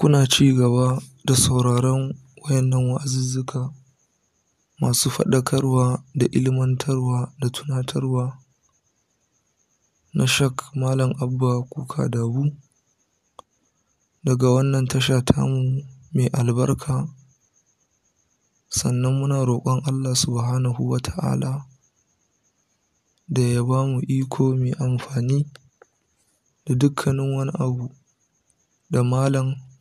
Kuna ci gaba da sauraron wayannan wa'azuzzuka masu faɗakarwa da ilmantarwa da tunatarwa na Shak Malam Abba Kuka Dabu daga wannan tasha tamu mai albarka sannan muna roƙon Allah Subhanahu wa ta'ala da ya ba mu iko mai amfani da dukkanin wani abu da malam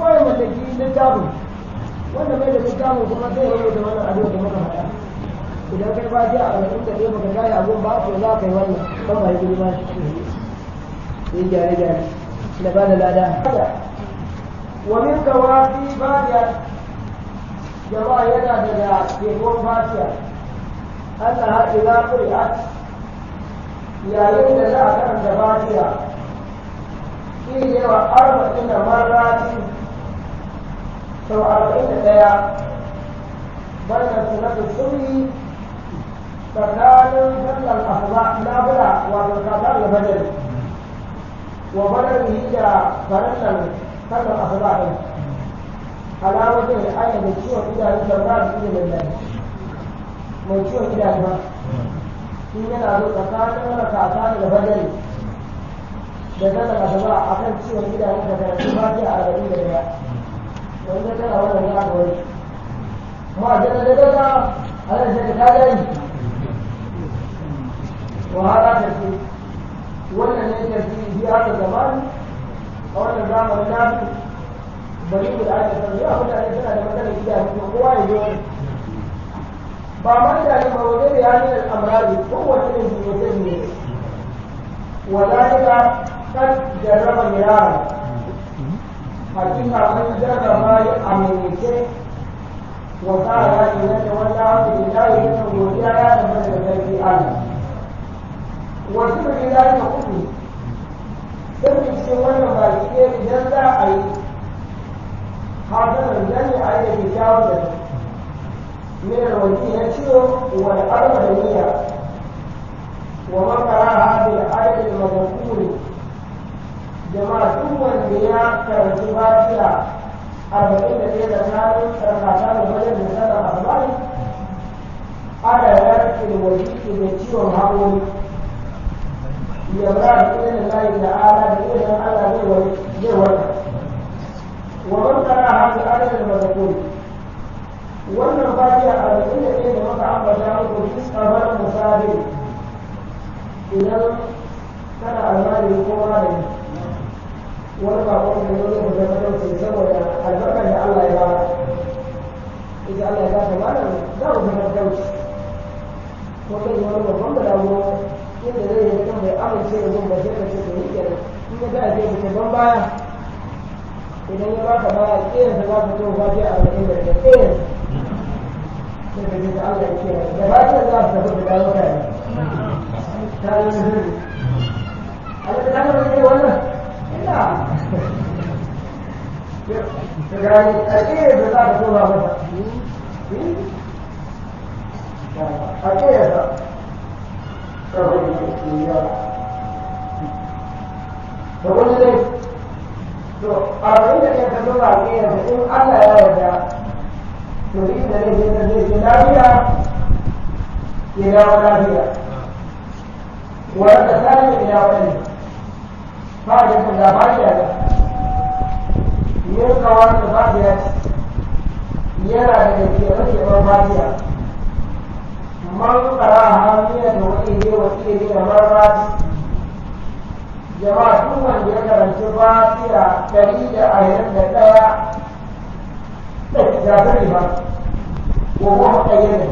kawai mace ki littafin wanda bai da littafin kuma zai rubuta wannan abin da muka faɗa idan kai ba jiya a wajen ka baka gane abin ba to za ka yi wannan kan ba yi gudu ba sai gyare gyare da ba da lada wani kawafi ba da jama'a yana daga tekun fasiya Allah haɗi na ƙuri'at yayin da za a karanta fasiya shi yawa arba'in da marati sau arba'in da ɗaya wannan sunatu sunni tsakanin sallar asuba na bula wato kafar da fajar wa yi da farashin sallar asuba ɗin alamatin da aya da ciwon idanu da ba su ilimin nan mai ciwon idanu ba in yana zo tsakanin rakata da fajar da sallar asuba kan ciwon idanu da karatu ba sai arba'in da ɗaya wani zaka a wannan ya kawai a zaka da zaka a haka ta ce wannan ne ta fi biya ta a wannan zamanin nasu bari mu da aka sani mutane da matsalar gida kuma kowa ya zo ba mutane ba wajen da ya nuna ne ta وذلك قد جرب مرارا hakika mun jarraba ya amince wa kara da wata da yi godiya ya zama da wasu da ta kudu sai mu ce wannan ba shi idan za a yi hadarin nan ne a yi da kyakkyawar da من الوجيه والأرض هي ومن jama'a duk wanda ya karanci fatiha arba'in da ɗaya da tsarin tsarkata da wajen da ana da ciwon haƙori da ɗaya da layi da ala da ɗaya da ala zai Wannan kana mazakuri wannan fatiha arba'in da ɗaya da maka ambata da idan kana almari ko wani bakon da wani zo mu da mutunci saboda albarkar da Allah ya ba Idan Allah ya ba ta za mu zama dauci ko kai wani babban da dawo yadda zai yi mutum bai amince da zuwa sai da ce yi kenan in ya ga zai mutum ban baya idan ya baka baya kiran da za ka to ba sai a wani da ke kiran sai ka ji da Allah ya kiran da ba ta za ta tafi da dawo kai ta yi mutum Allah ta tafi da wannan ina gani a ce da za ka tura mata a ce ya sa kawai da yasa dai to a ya in Allah ya yarda to shi da ne ya dawo lafiya wanda sani ya wani ba da kuma girkawa da babiya yana daga keɓe-keɓen babiya man kara hamiya da wani ne wasu ne da marmari jama'a duk wanda ya karanci fatiha ɗari da ashirin da ɗaya zafiri ba ko kuma ƙayyade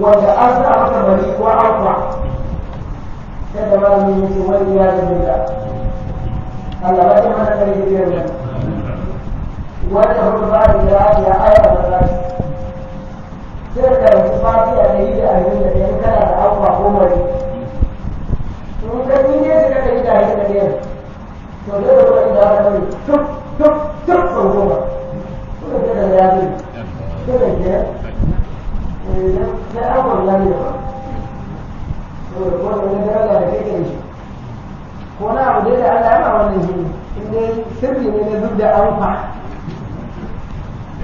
wanda an sa masa bari ko an kwa sai da ba ya ce wani ya zama da Allah ba ta mana kare da biyar ne. wannan rufari da rafi ya ayyar da rafi sai da rufi fati a da yi da ayyar da yan kana da abubuwa ko mari sun ga ni ne suka kai da yi da yan to da yau da ina da mai tuk tuk tuk sun goma suka kai da ya bi su ne ba to da kuma da ya daga da ke kai shi abu da ya da ana wannan shi ne sirri ne na duk da fa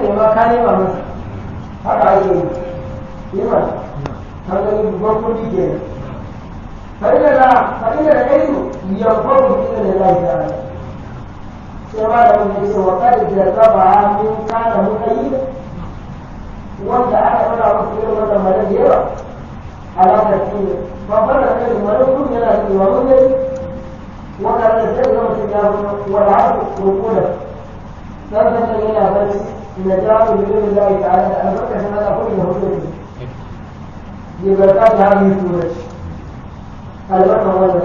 kake nema ka nema masa haka ake yi nema kan gani babban kudi ke fa'ida da fa'ida da ilmu yabbaru bi ilmillahi ta'ala sai ma da wani ce wa kada jarraba min kana muqayyida wanda aka fara masa irin wannan malam da yawa alaƙar cikin babbar da kai malam kun yana da imamun ne وكان يستخدم في الوضع ركولا فبدا الى بس نجاه بإذن الله تعالى البركة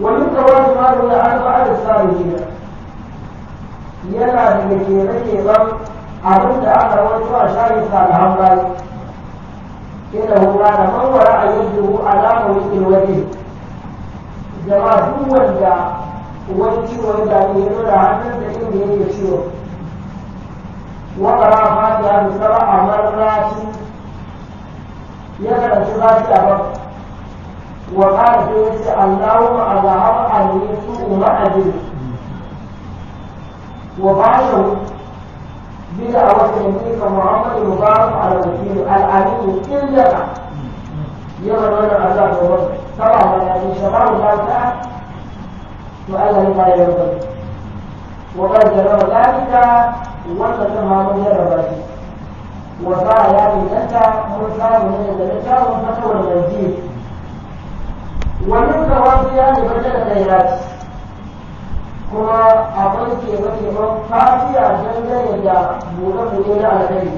ومن تواجد ما روي عنه على الصالحين yana daga kere-keren abin da aka wato a shayin salihan ina hura da mawara a yadda hu alama wikin waje jama'a duk wanda wani ciwon da ne ya hannun da yake ciwon وقرأ فاتحة سبع مرات يقرأ فاتحة وقال سيدي اللهم أذهب عني سوء ما أدري وبعده بدعوة نبيك محمد مبارك على الوكيل الأمين إلا يمن وانا عذاب الرب طبعا يعني شباب الفاتحة وأنا لما يرضى وقد جرى ذلك wannan ta ma mun yarda shi wa sa ya inganta mun samu ne daga littafin fatawar masjid wannan kawai ya ne fata da kairat kuma akwai keɓe-keɓen fasiya dangane da buɗe-buɗe na alkhairi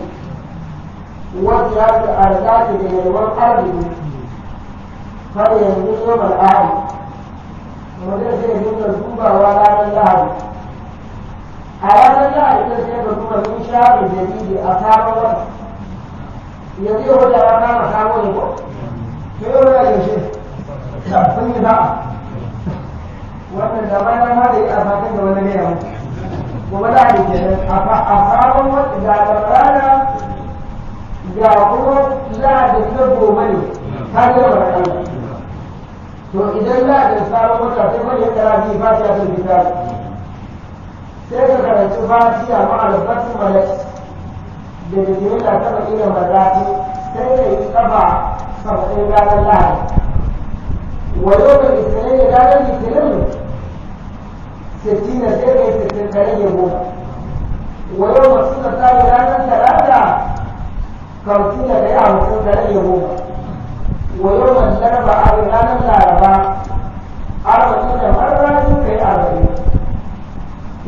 wanda ya ta arzaki da yalwar arziki har yanzu yau mal'ari mutum zai dinga dubawa ranar lahari a ranar da ita sai ka duba sun sha da jaridi a sabon wata na sabon sai yau da yaushe yi wannan da yi a da wani a sabon wata kuma ta to idan lahadin sabon wata sai wani ya kara ta yi sai ka karanci fatiha ma albatin malaki da da jini da saba ina mazafi sai ka yi kafa saba'in ranar lahadi wa yau da litinin da ranar litinin sittina sai ka yi sittin ka rage goma wa yau da suna tsari ranar talata kamsin da kai hamsin ka rage goma wa yau da ba a ranar laraba arba'in da marra sun kai arba'in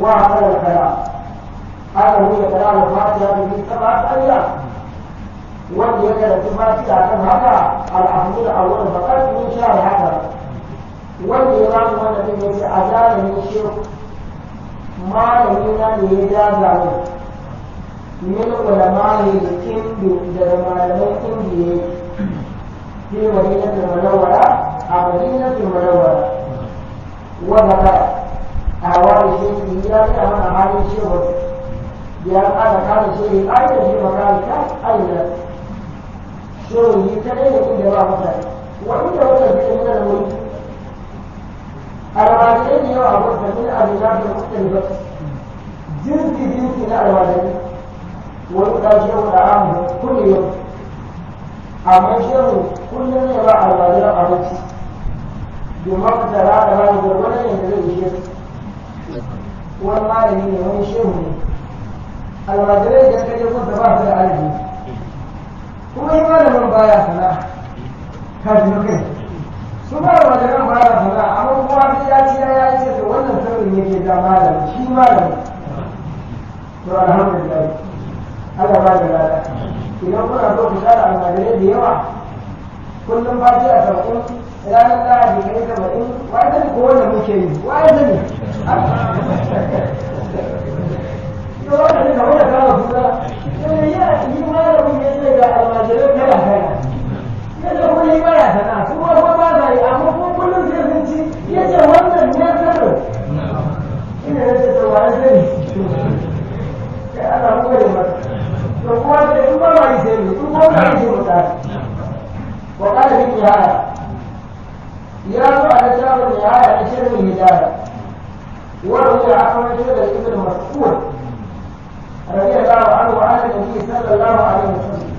وهذا الكلام هذا هو كلام الفاتحة في سبعة أيام والذي الفاتحة كم هذا الأحمد أول فقط من شهر هذا والإمام والذي ليس أذان من شرك ما لدينا لإجازة من علماء الهند لما لم في مدينة المنورة أو مدينة المنورة وبدأ a wani shehi ya gaya mana halin cewa ya ana kare shehi ai da shi makare ta aina shehi kadai da inda ba mutane wani da wanda zai nuna da wuri almajirai ne yawa wanda min abinatu mutalibat jinsi jinsi na almajirai wani ɗan shehu da amu kulle yau amma shehu kullum ne ba almajirai abinci domin fitara da hannun gwargwadon yadda zai ishe su wani malami ne wani shehu ne almajirai da suka je kusa ba su da arziki kuma yi malamin baya sana kafin kai su ba almajiran baya sana amma kuma sai ya ce ya ce da wannan sirrin yake da malam shi malam to alhamdulillah Allah ba da idan kuna so ku tsara almajirai da yawa kullum a saba'in ranar lahadi kai saba'in wa'azin muke yi وقال في النهاية يا على شر النهاية شر الهداية وروي عن رجل بن مسعود رضي الله عنه وعن النبي صلى الله عليه وسلم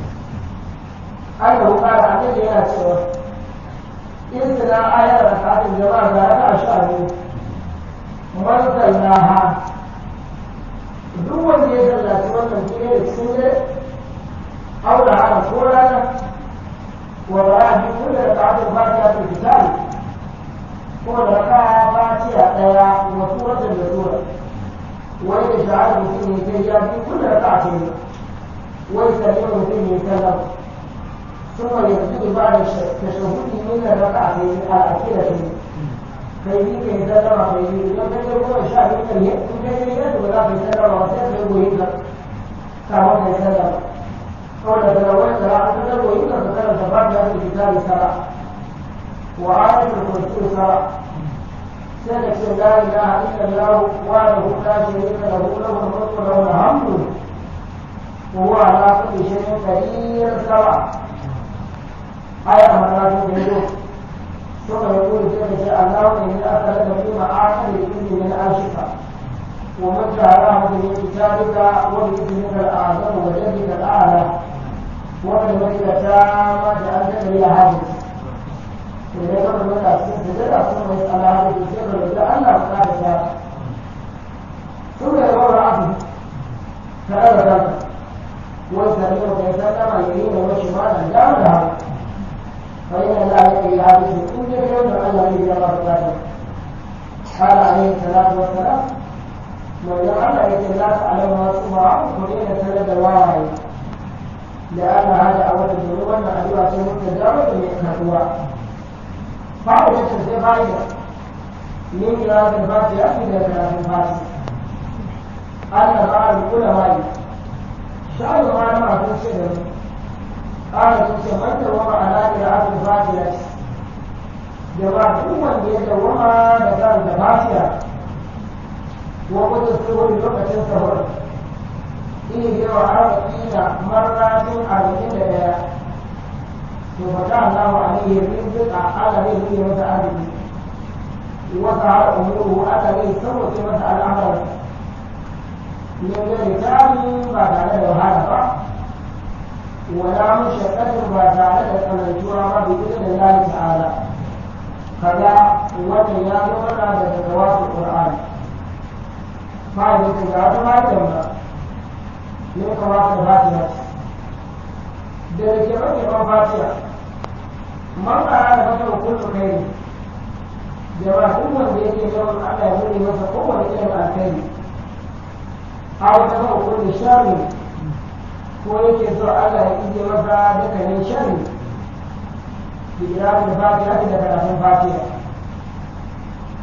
انه قال عليه يا سوى ان لا ايه ركعت الجماعه لا اشهد مرسلناها duk wanda ya sallaci wannan fiye da cikin dare aula ala ko rana wa ba a bi kullu ko da raka fatiha daya wa suratul nuzul wai da sha'ar mutum ne sai ya bi kullu raka'a ne wai sai mutum ne sallam ثم يبتدي بعد التشهد من الركعتين الأخيرتين فيجي يتسلم فيجي يوم تجربه الشهر من اليد ولا يتسلم وسيسلم ويبلغ كما يتسلم قول تلوين ترى تسلم ويبلغ تسلم تفرد في كتاب الصلاة وعارف القدوس شهد لا اله الا الله وحده لا شريك له له الملك وله الحمد وهو على كل شيء قدير سبع آية مرات بالجوع ثم يقول جل الله إني أخذت فيما معاشر الكل من عاشقة ومن جعله به كتابك وبإذنك الأعظم وجهك الأعلى ومن وبالملك تامة أنت إلى هذه إذا ثم يسأل هذه السر لأنه خالف ثم يقول عبده فأنا ذلك والسميع يتكلم يمين وشمالا لا مذهب فإن ذلك يعرف كل يوم أن النبي الله قال عليه الصلاة والسلام من لعن على ما صنعه فإن سند الواعي لأن هذا أول الذنوب أن أدوات المتجاوز من إخوة ba a wacce sai bayi da min gilafin fasi ya fi da gilafin fasi ana ba a rikula bayi sha'ar ma na abin ce da ƙara sun ce mantarwa ma'ana gilafin fasi ya ce jama'a duk wanda ya dawama da kan da fasiya lokacin sahur lokacin sahur ina yawa arba kila arba'in da daya وفتح الله عليه الرزق على به وسع به وسع اموره اتى به سوت وسع الامر من غير تعب ما عدد هذا ولا مشقة ما عدد أن ترى بإذن الله تعالى فلا وتيار ولا تتواصل القرآن فهذه تجارة ما تمنع من قواعد الفاتحة ذلك من يقرأ الفاتحة man arada fata wa kullu khairi jama'a duk wanda yake son Allah ya bude masa kowane irin alkhairi aw ta wa kullu sharri ko yake so Allah ya ije masa dukkanin sharri bi irabin fatiha da karatun fatiha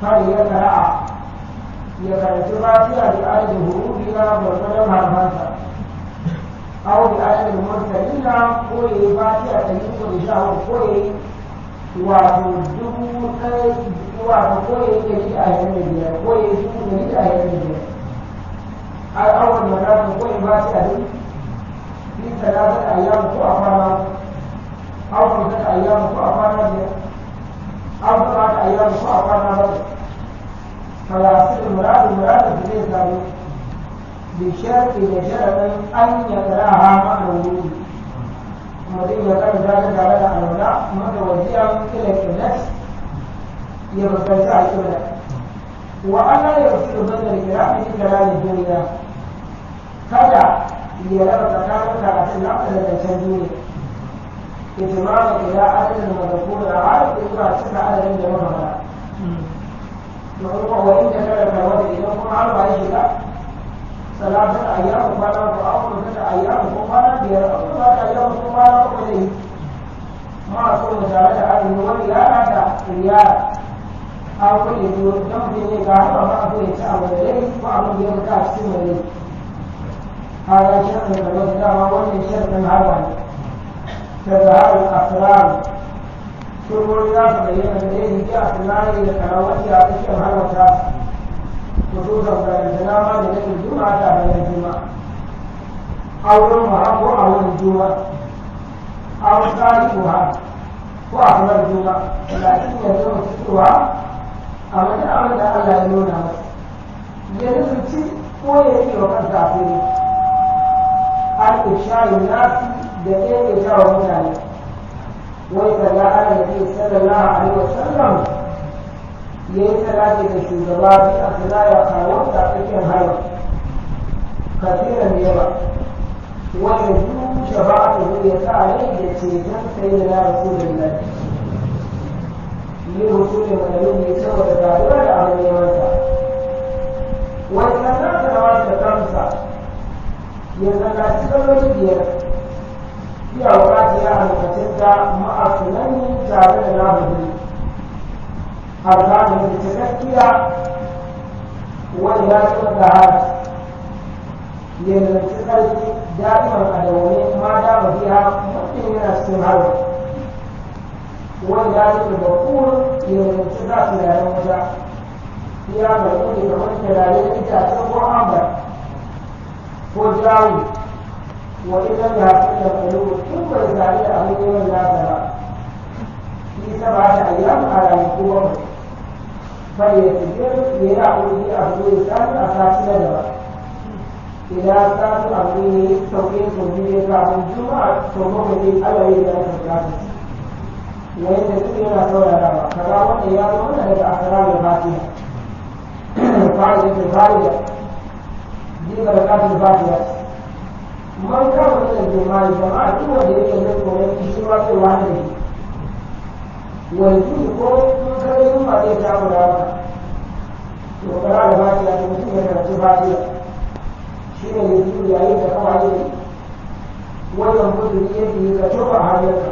kawai ya kara'a ya karatu fatiha da ayatul hurufi na gwargwadon harfansa أو بأشهر مرتدين قري فاتئة يوصل شهر قري وتجده وقري يجي أهل المدينة قري يجي أهل المدينة الأول مرة قري فاتئة في ثلاثة أيام قرآن أو ثلاثة أيام قرآن أو ثلاثة أيام قرآن فلا يصير المراد المراد بليس بشرط لشرط أن يقرأها مع الوجود ومدين يقرأ ذلك على الأولى متوجها إلى النفس يبقى الأولى وألا يفصل بين الكلام في كلام الدنيا kada ya raba tsakanin karatun na da zancen duniya ijma'a ila adadin mazkur al-arab illa cika adadin da muka fara to kuma wa inda kada ka wani idan kuma an ba shi ba ثلاثة أيام وقال أربعة وستة أيام وقال بير أربعة أيام وقال أربعة ما أقول مسألة هذه والإيانة الرياء أو كل يوم تمضي لك على ما أقول إن شاء الله إليه وأعمل بيوم كاسم إليه هذا شيء من الوزن وأول شيء من هذا تظهر الأسرار ثم لا تبين إليه جاء في النار إلى كراوتها تشبه الوسائل nufusan balantana ma da nake juma'a ta bayan juma'a auren ma ko auren juma'a auren tsarikuwa ko a kuma juma'a lakin ya zo fitowa a wani abin da Allah ya nuna masa ya nufi ko ya yi wa kansa a fili al-isharu nasi da ƙirƙirta mutane wai da la'ana da ke sallallahu ya yi ce da shugaba biyu a sanaya kawo ta cikin haram kasiran yawa wani duk shafa'atu ya sa rai da ceton sayyidina rasulullahi yin rusulun manalin ne saboda rayuwa da abin nemansa wani kasa da rawa da kansa ya zallaci ta biyar iya wakati ya alkacinta na tare da nahudu الرابع للتزكية وجهة الذهاب للتزكية دائما أدومين ما دام فيها ممكن من استمرار وجهة البقول للتزكية لا يرجع فيها بقول لمن كذلك إذا تقوى أمر وجاوي وإذا ذهبت القلوب ثم يزال أهل يوم لا ترى في سبعة أيام على مقومه bai ya tafiyar ya yi a buɗe sani a sati na gaba idan ta su abu ne sauƙin sauƙi ne kafin juma'a to kuma da aka gasa yayin da suke yana saurarawa kaza wanda ya zo mana daga akara da fatiha fa'ida da fa'ida jibar kafin fatiha man kama da juma'a jama'a duk wanda yake da koyon shi wani ne ko hanyoyi sun ba zai jawo da haka to kara da baki a mutum ya karanci baki shi ne ya ji yayin da kawai ne wannan mutum ya fi ka tofa hanyarka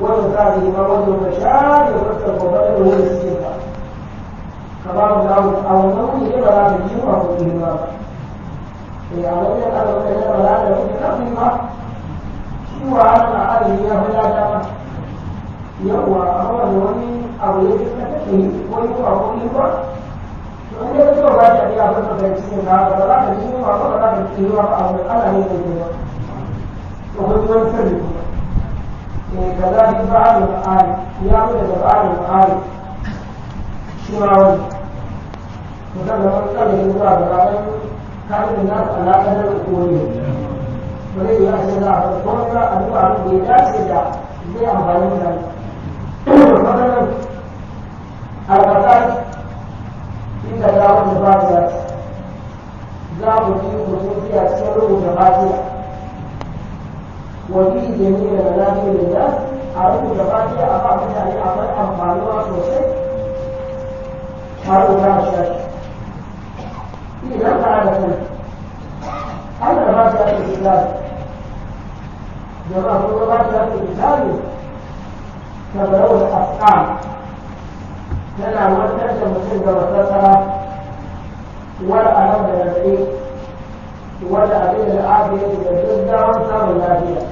wannan za a yi ma wannan ka sha da fuskar babban da wani suke ka kamar da a wannan kuma ne ba za ka ji ma kuɗi ba da a wannan ne ba za ka ji kafin ba shi wa ana arziki ya fi lada ba yawwa a wannan wani aure da kake yi ko yi ba ko yi ba to an da ba ta ba ta da ba ba ne ke yi ba wani da ba'al al shi ma wani na ya ce da ko ga addu'a da ya da zai الفتاة في تداول الفاتحة ذا في خصوصية سلوك الفاتحة وفي جميع المنافع للناس أعرف الفاتحة أخاف يعني أعمل أمخالها سوسي شارو كان الشاشة إذا كان سلوك أنا الفاتحة في الإسلام جماعة الفاتحة في الإسلام تبلغ الأسقام tana wadatar mutum da wasasa wani anan da rabe wanda abin da aka yi da duk damar samun lafiya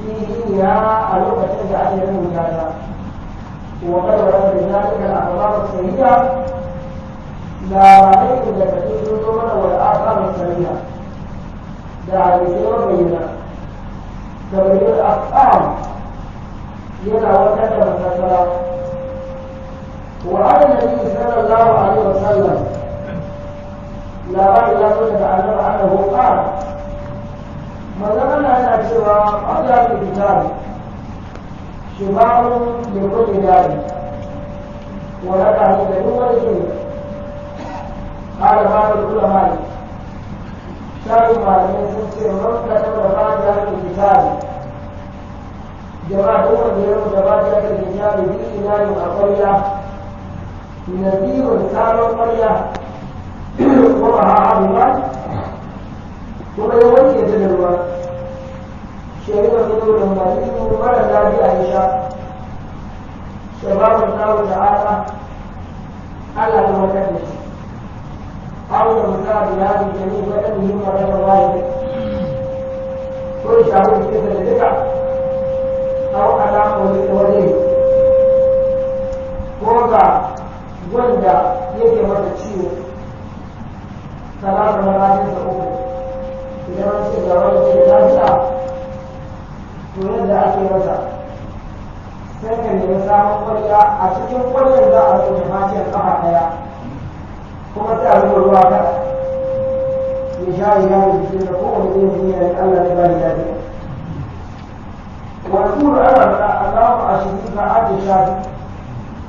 fihi ya a lokacin da ake yin gada wa kada wa da zalika al-akhbar as-sayyi'a la ra'aytu da kafin sun zo mana wal akhbar as-sayyi'a da alisiwa bayyana da bayyana al-aqam yana wadatar da masara وعلى النبي صلى الله عليه وسلم لا رأي لا تجد عنه أنه قال ما زمنا أن أكسر قبل الكتاب شمار لكل ذلك ولك أن تدور شيء قال بعض العلماء شر ما لم يفسر مكة وفاجأة الكتاب جماعة أمة يوم جماعة الكتاب بإله أقوياء نذير كان قرية وضعها عظمات kuma ya wanke ta da ruwa shari'a ta zo da masu mara lafiya ya sha shababin tsawo da ala ala ta wata da shi an da mutu da yari da ne wata yin da wani wanda yake mata ciwo talata na ranar da uku idan an ce ga wani ce lafiya to yadda ake masa sai ka nemi samun kwarya a cikin kwaryar za a rufe maciyar kafa daya kuma sai a zuba ruwa ka ya sha ya yi jikin da kowane irin niyyar Allah ta bari lafiya wa tura ana Allahu ashirika shafi.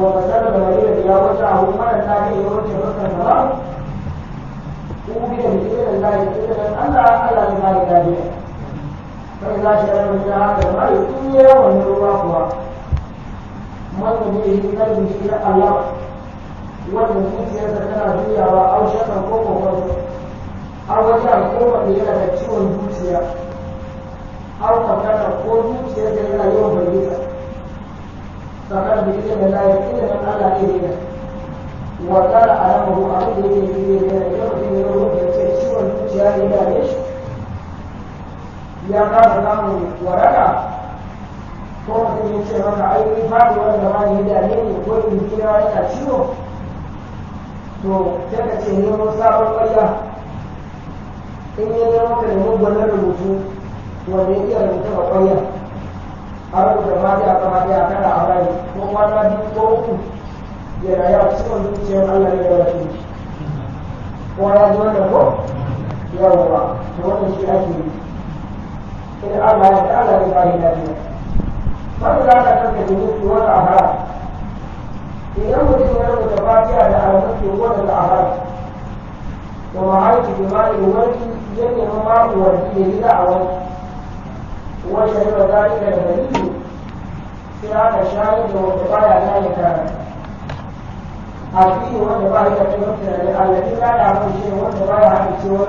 وغسل الوليد يا وجهه من لا يوجه الكفر أوبد بإذن الله بإذن الله ألا بذلك ذلك فإذا شرب من هذا الماء إلا وهي الله من به قلبه إلى الله والنفوس يتكلم فيها أو شكا فوق أو وجع فوق إلى تكشير الزوجية أو تكلم فوق زوجية إلى يوم البيت فقد بإذن الله إذا على إذنه وقال أمره أعوذ به يعطي من الركبة تأشير الفتيان إلى إيش؟ يا قام الأمر ورقع kuma sun yi ce maka ai ni fadi wanda ba ni da ne ko in kira wani ka ciwo to sai ka ce nemo sabon ƙwarya in ya ya ka nemo gwanar rubutu wanda ya iya rubuta ba ƙwarya har da mata aka mata a kada a rai ko kwana biyu ko uku ya raya cikin zuciyar Allah ne da wasu ya ji wannan ko yawwa to wannan shi ake yi sai Allah ya ta Allah ya ba ni lafiya fadda za ka kanka da mutu wani ahara idan mutum ya rubuta fatiha da alamanci wani da ahara to ma'aiki bi ma'il wani yadda ma ma'il wani ya yi وشهد ذلك الغني سيادة شاهد وارتقاء ذلك الفيه والتقاء التي لا يعلم شيء والتقاء عن شيء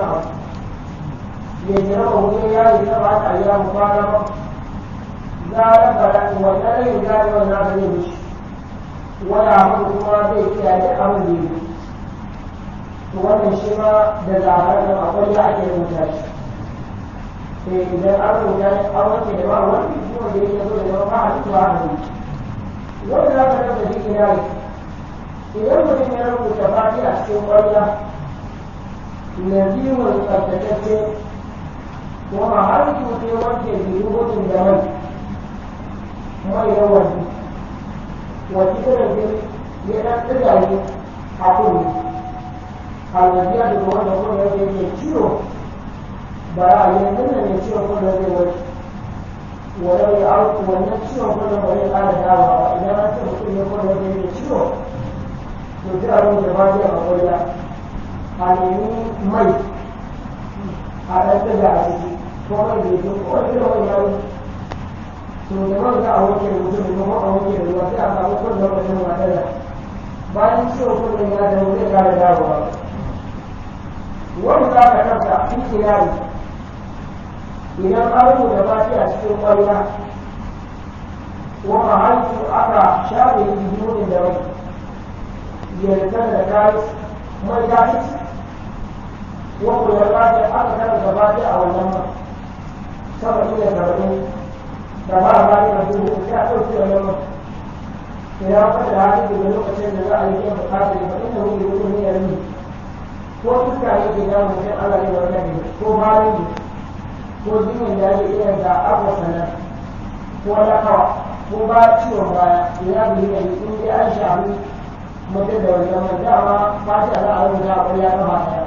يجرمه إياه سبعة أيام مقارنة ذلك فلن ولا يجاري الناس به ولا عملكما به كاد أمره ومن شما دزعنا أقول لك المتاشر وإذا كتبت في ذلك إذا كنت من المتفاعل أحسن قولة نبي قد تكتب ومعرفة في وجه بلغة الزمن ما يروج وتكتب ينقل عليه أقول الذي يدعو أن يكون هناك bara yanzu nan ne ciwon kwallon zai warke walau ya auku wannan ciwon kwallon ba zai ƙara dawa ba idan an ce mutum ya kwallon zai ne ciwo to ji abin da ba zai a kwallon a nemi mai a ɗan ɗaga a ciki ko mai da yake ko wani irin wani yaro to da man za a wanke da mutum ko a wanke da ruwa sai a samu kwallon wajen matsala bayan ciwon kwallon ya dawo zai ƙara dawa ba wani za ka kanta in kirari idan an rubuta a cikin kwalba wa halittu aka shafe jimurin da mai yantar da kayan mai dafi wa kula fatiha aka karanta fatiha a wannan ba saba iya karɓi da ba a bani da duhu ya ɗauki wannan ba idan an da hali daga lokacin da za a yi yin bukatar da inda wuri wuri ne yanzu ko fuska ne ke damu sai Allah ne wannan ne ko bayan ne ko jinin da ake iya a abu sanar ko na kawa, ko ba ciwon baya ya bi ne in dai an shafi mutum da wani zaman dama ba shi a za'a rubuta a ƙwarya gaba ɗaya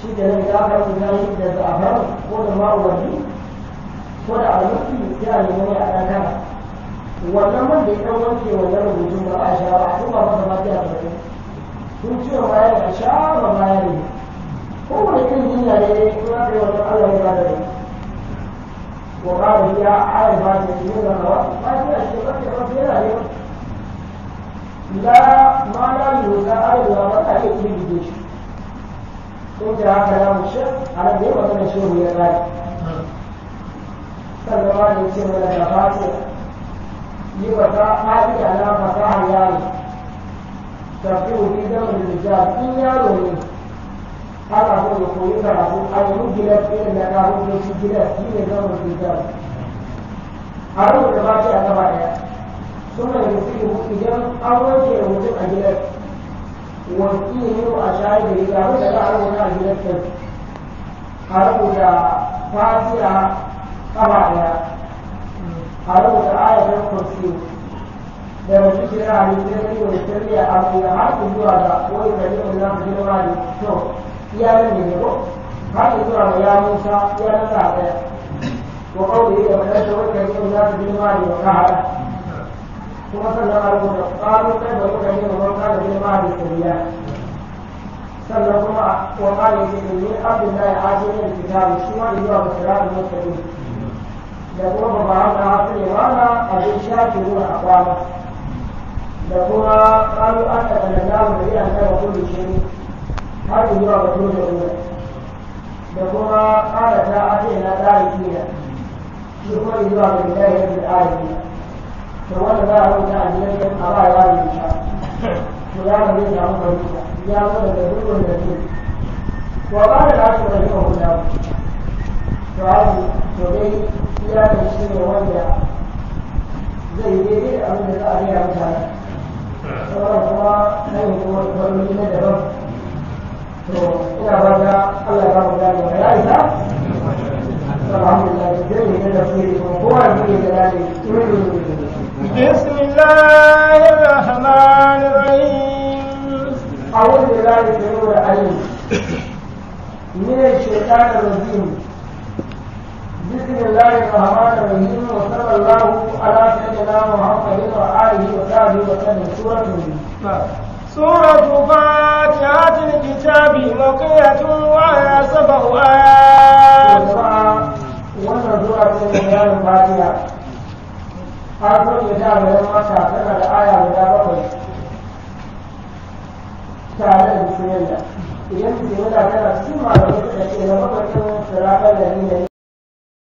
shi da nan za ka rubuta shi da zafar ko da ma'uwanni ko da azuki ya nemi mai a ɗan wannan man da ya ɗan wanke wannan rubutun ba a sha ba a tuba masa ba ta da sun ciwon baya ne a sha ba baya ne kowane irin hanya ne ne kuma kai wani Allah ya bada ne wa qala ya ayat ba ta yi da ba ta shi ba ta ba ta ne la ma la yu ka Allah ba ta yi ki da shi ko ta haka da mu shi ala da yawa ya kai sannan ma ce mana da fata yi wa ta hadi ala fasaha yaro tafi wuri da da yaro ne Ana ko da koyi karatu an rugila irin da ka rugila shi gida shi ne zaman cutar a rubuta ba ce a gaba daya suna da su idan an wanke mutum a gidan wasu ne a shayi da ya da za a rubuta a gidan kan a rubuta fatiha gaba daya a rubuta da wasu ke da a zuwa da wani da ke zama da kyau iyalan ne ne ko haka zuwa ma ya musa ya nasa ɗaya wa kawai da mai ɗaukar wakil sun za su girma ne wa kuma sannan a rubuta ƙwaro kai da wuka ne wa wanka da girma da sannan kuma wa kare shi ne ne abdullahi ajiyar kitabu shi ma da zuwa ga sirari mutane da kuma ba ba haka haka ne mana abin shafi ruwa a kwana da kuma ƙwaro an taɓa da namu da iya kai wa kullu shi har zuwa ga dole ruwa da kuma ƙara ta ake na tsari kila shi kuma zuwa ga gida ya fi tsari kila to wanda za a rubuta a gidan kan a ba ya wani nisa to ya mu zai samu barista ya mu daga dukkan da su wa ba da nasu da yawan guda to haka to dai iya da shi ne wanda zai yi daidai da abin da za a gaya mutane